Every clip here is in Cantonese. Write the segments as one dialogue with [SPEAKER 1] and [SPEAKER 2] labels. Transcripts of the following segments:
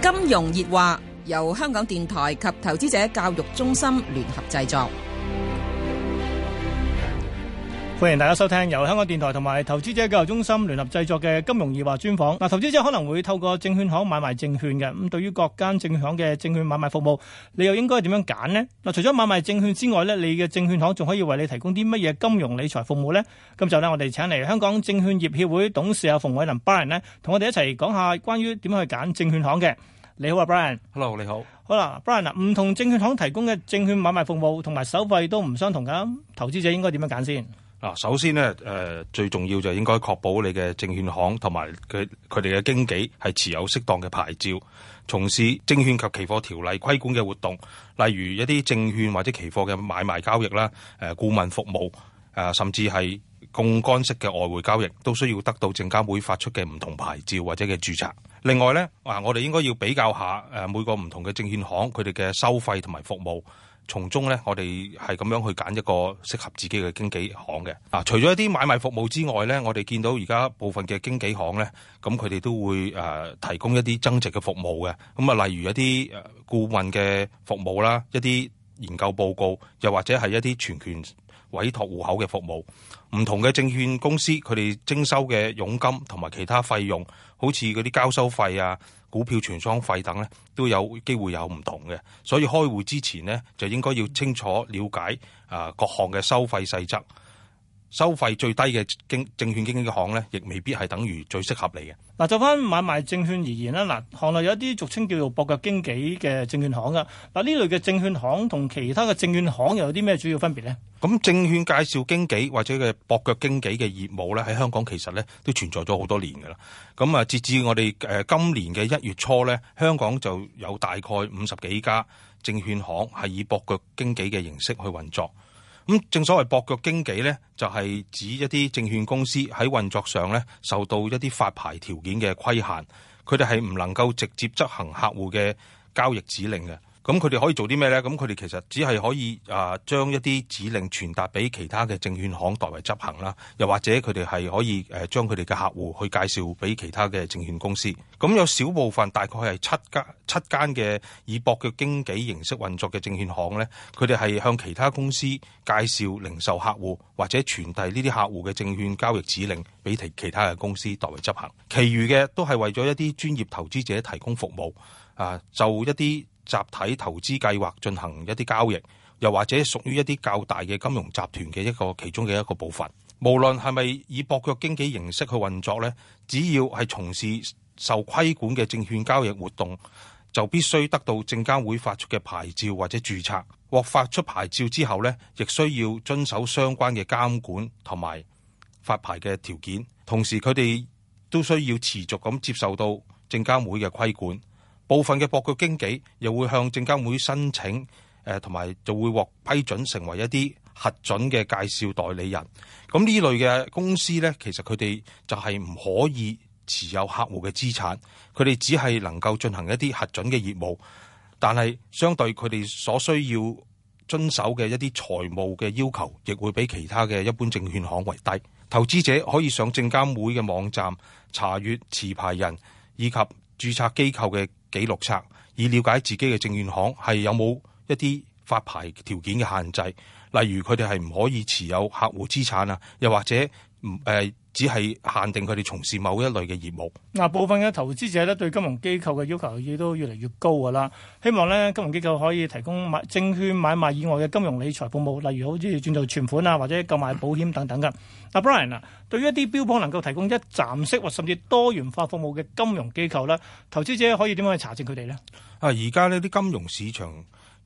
[SPEAKER 1] 金融熱話由香港電台及投資者教育中心聯合製作。歡迎大家收聽由香港電台同埋投資者教育中心聯合製作嘅《金融易話》專訪。嗱，投資者可能會透過證券行買賣證券嘅。咁，對於各間證券行嘅證券買賣服務，你又應該點樣揀呢？嗱，除咗買賣證券之外咧，你嘅證券行仲可以為你提供啲乜嘢金融理財服務呢？咁就咧，我哋請嚟香港證券業協會董事阿馮偉林 Brian 咧，同我哋一齊講一下關於點樣去揀證券行嘅。你好啊，Brian。Hello，你好。好啦，Brian，唔同證券行提供嘅證券買賣服務同埋收費都唔相同噶，投資者應該點樣揀先？啊，首先
[SPEAKER 2] 咧，誒、呃、最重要就應該確保你嘅證券行同埋佢佢哋嘅經紀係持有適當嘅牌照，從事證券及期貨條例規管嘅活動，例如一啲證券或者期貨嘅買賣交易啦，誒顧問服務啊、呃，甚至係槓桿式嘅外匯交易，都需要得到證監會發出嘅唔同牌照或者嘅註冊。另外咧，啊、呃，我哋應該要比較下誒每個唔同嘅證券行佢哋嘅收費同埋服務。從中咧，我哋係咁樣去揀一個適合自己嘅經紀行嘅。嗱，除咗一啲買賣服務之外咧，我哋見到而家部分嘅經紀行咧，咁佢哋都會誒提供一啲增值嘅服務嘅。咁啊，例如一啲顧問嘅服務啦，一啲研究報告，又或者係一啲全權委託戶口嘅服務，唔同嘅證券公司佢哋徵收嘅佣金同埋其他費用，好似嗰啲交收費啊、股票存倉費等咧，都有機會有唔同嘅。所以開戶之前呢，就應該要清楚了解啊各項嘅收費細則。收費最低嘅經證券經紀行咧，亦未必係等於最適合你嘅。
[SPEAKER 1] 嗱，就返買賣證券而言啦，嗱，行內有一啲俗稱叫做博腳經紀嘅證券行㗎。嗱，呢類嘅證券行同其他嘅證券行又有啲咩主要分別呢？
[SPEAKER 2] 咁證券介紹經紀或者嘅博腳經紀嘅業務咧，喺香港其實咧都存在咗好多年㗎喇。咁啊，截至我哋誒、呃、今年嘅一月初咧，香港就有大概五十幾家證券行係以博腳經紀嘅形式去運作。正所謂駁腳經紀咧，就係、是、指一啲證券公司喺運作上受到一啲發牌條件嘅規限，佢哋係唔能夠直接執行客戶嘅交易指令嘅。咁佢哋可以做啲咩呢？咁佢哋其實只係可以啊，將一啲指令傳達俾其他嘅證券行代為執行啦。又或者佢哋係可以誒將佢哋嘅客戶去介紹俾其他嘅證券公司。咁有少部分大概係七,七間七間嘅以博嘅經紀形式運作嘅證券行呢，佢哋係向其他公司介紹零售客戶，或者傳遞呢啲客戶嘅證券交易指令俾其其他嘅公司代為執行。其餘嘅都係為咗一啲專業投資者提供服務啊，就一啲。集體投資計劃進行一啲交易，又或者屬於一啲較大嘅金融集團嘅一個其中嘅一個部分。無論係咪以博個經紀形式去運作咧，只要係從事受規管嘅證券交易活動，就必須得到證監會發出嘅牌照或者註冊。獲發出牌照之後咧，亦需要遵守相關嘅監管同埋發牌嘅條件。同時，佢哋都需要持續咁接受到證監會嘅規管。部分嘅博具經紀又會向證監會申請，誒，同埋就會獲批准成為一啲核准嘅介紹代理人。咁呢類嘅公司咧，其實，佢哋就係唔可以持有客戶嘅資產，佢哋只係能夠進行一啲核准嘅業務，但係相對佢哋所需要遵守嘅一啲財務嘅要求，亦會比其他嘅一般證券行為低。投資者可以上證監會嘅網站查閱持牌人以及註冊機構嘅記錄冊以了解自己嘅證券行係有冇一啲發牌條件嘅限制，例如佢哋係唔可以持有客戶資產啊，又或者唔誒。呃只係限定佢哋從事某一類嘅業務。
[SPEAKER 1] 嗱、啊，部分嘅投資者咧對金融機構嘅要求亦都越嚟越高㗎啦。希望呢金融機構可以提供買證券買賣以外嘅金融理財服務，例如好似轉做存款啊，或者購買保險等等嘅。嗱 Brian 啊，Brian, 對於一啲標榜能夠提供一站式或甚至多元化服務嘅金融機構咧，投資者可以點樣去查證佢哋呢？
[SPEAKER 2] 啊，而家呢啲金融市場。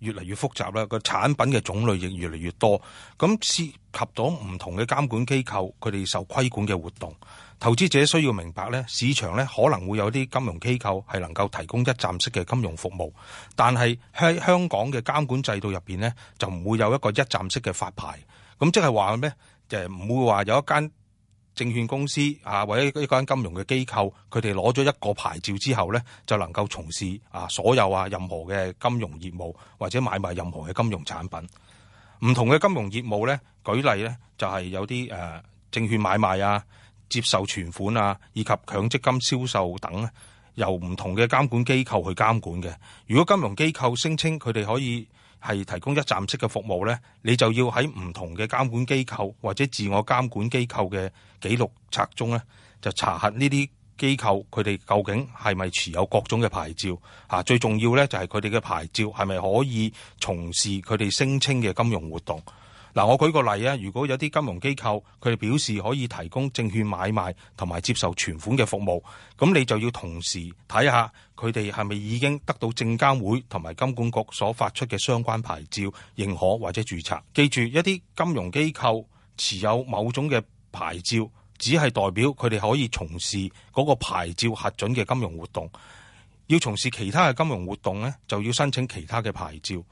[SPEAKER 2] 越嚟越複雜啦，個產品嘅種類亦越嚟越多，咁涉及到唔同嘅監管機構，佢哋受規管嘅活動，投資者需要明白呢市場呢，可能會有啲金融機構係能夠提供一站式嘅金融服務，但係喺香港嘅監管制度入邊呢，就唔會有一個一站式嘅發牌，咁即係話咩？就唔會話有一間。證券公司啊，或者一間金融嘅機構，佢哋攞咗一個牌照之後呢，就能夠從事啊所有啊任何嘅金融業務，或者買賣任何嘅金融產品。唔同嘅金融業務呢，舉例呢，就係有啲誒證券買賣啊、接受存款啊，以及強積金銷售等，啊，由唔同嘅監管機構去監管嘅。如果金融機構聲稱佢哋可以，係提供一站式嘅服務呢，你就要喺唔同嘅監管機構或者自我監管機構嘅記錄冊中呢，就查核呢啲機構佢哋究竟係咪持有各種嘅牌照？嚇，最重要呢，就係佢哋嘅牌照係咪可以從事佢哋聲稱嘅金融活動？嗱，我舉個例啊，如果有啲金融機構佢哋表示可以提供證券買賣同埋接受存款嘅服務，咁你就要同時睇下佢哋係咪已經得到證監會同埋金管局所發出嘅相關牌照認可或者註冊。記住，一啲金融機構持有某種嘅牌照，只係代表佢哋可以從事嗰個牌照核准嘅金融活動。要從事其他嘅金融活動呢，就要申請其他嘅牌照。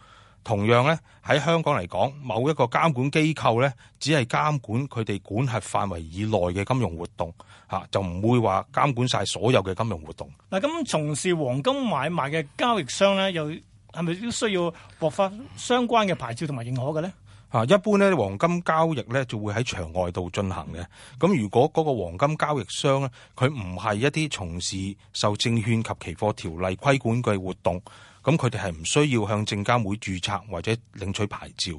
[SPEAKER 2] 同樣咧，喺香港嚟講，某一個監管機構咧，只係監管佢哋管轄範圍以內嘅金融活動，嚇就唔會話監管晒所有嘅金融活動。
[SPEAKER 1] 嗱，咁從事黃金買賣嘅交易商咧，又係咪都需要獲發相關嘅牌照同埋認可嘅咧？
[SPEAKER 2] 嚇，一般咧黃金交易咧就會喺場外度進行嘅。咁如果嗰個黃金交易商咧，佢唔係一啲從事受證券及期貨條例規管嘅活動。咁佢哋係唔需要向證監會註冊或者領取牌照。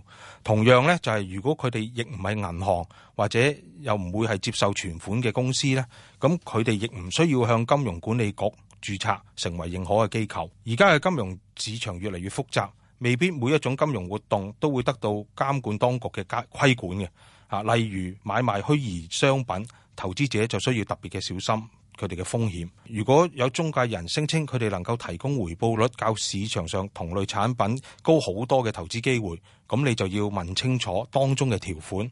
[SPEAKER 2] 同樣呢，就係如果佢哋亦唔係銀行或者又唔會係接受存款嘅公司呢，咁佢哋亦唔需要向金融管理局註冊成為認可嘅機構。而家嘅金融市場越嚟越複雜，未必每一種金融活動都會得到監管當局嘅規管嘅。啊，例如買賣虛擬商品，投資者就需要特別嘅小心。佢哋嘅風險，如果有中介人聲稱佢哋能夠提供回報率較市場上同類產品高好多嘅投資機會，咁你就要問清楚當中嘅條款，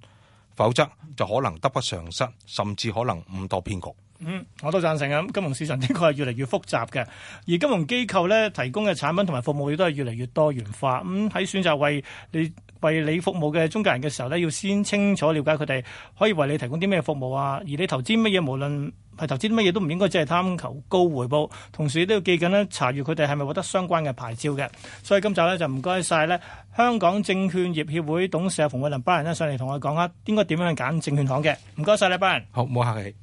[SPEAKER 2] 否則就可能得不償失，甚至可能誤墮騙局。
[SPEAKER 1] 嗯，我都贊成、啊、金融市場的確係越嚟越複雜嘅，而金融機構呢提供嘅產品同埋服務亦都係越嚟越多元化。咁、嗯、喺選擇為你為你服務嘅中介人嘅時候呢，要先清楚了解佢哋可以為你提供啲咩服務啊。而你投資乜嘢，無論係投資啲乜嘢，都唔應該只係貪求高回報，同時都要記緊呢查閱佢哋係咪獲得相關嘅牌照嘅。所以今集呢，就唔該晒呢香港證券業協會董事馮慧林班人呢上嚟同我講下，應該點樣揀證券行嘅？唔該晒，你班人，好，唔好客氣。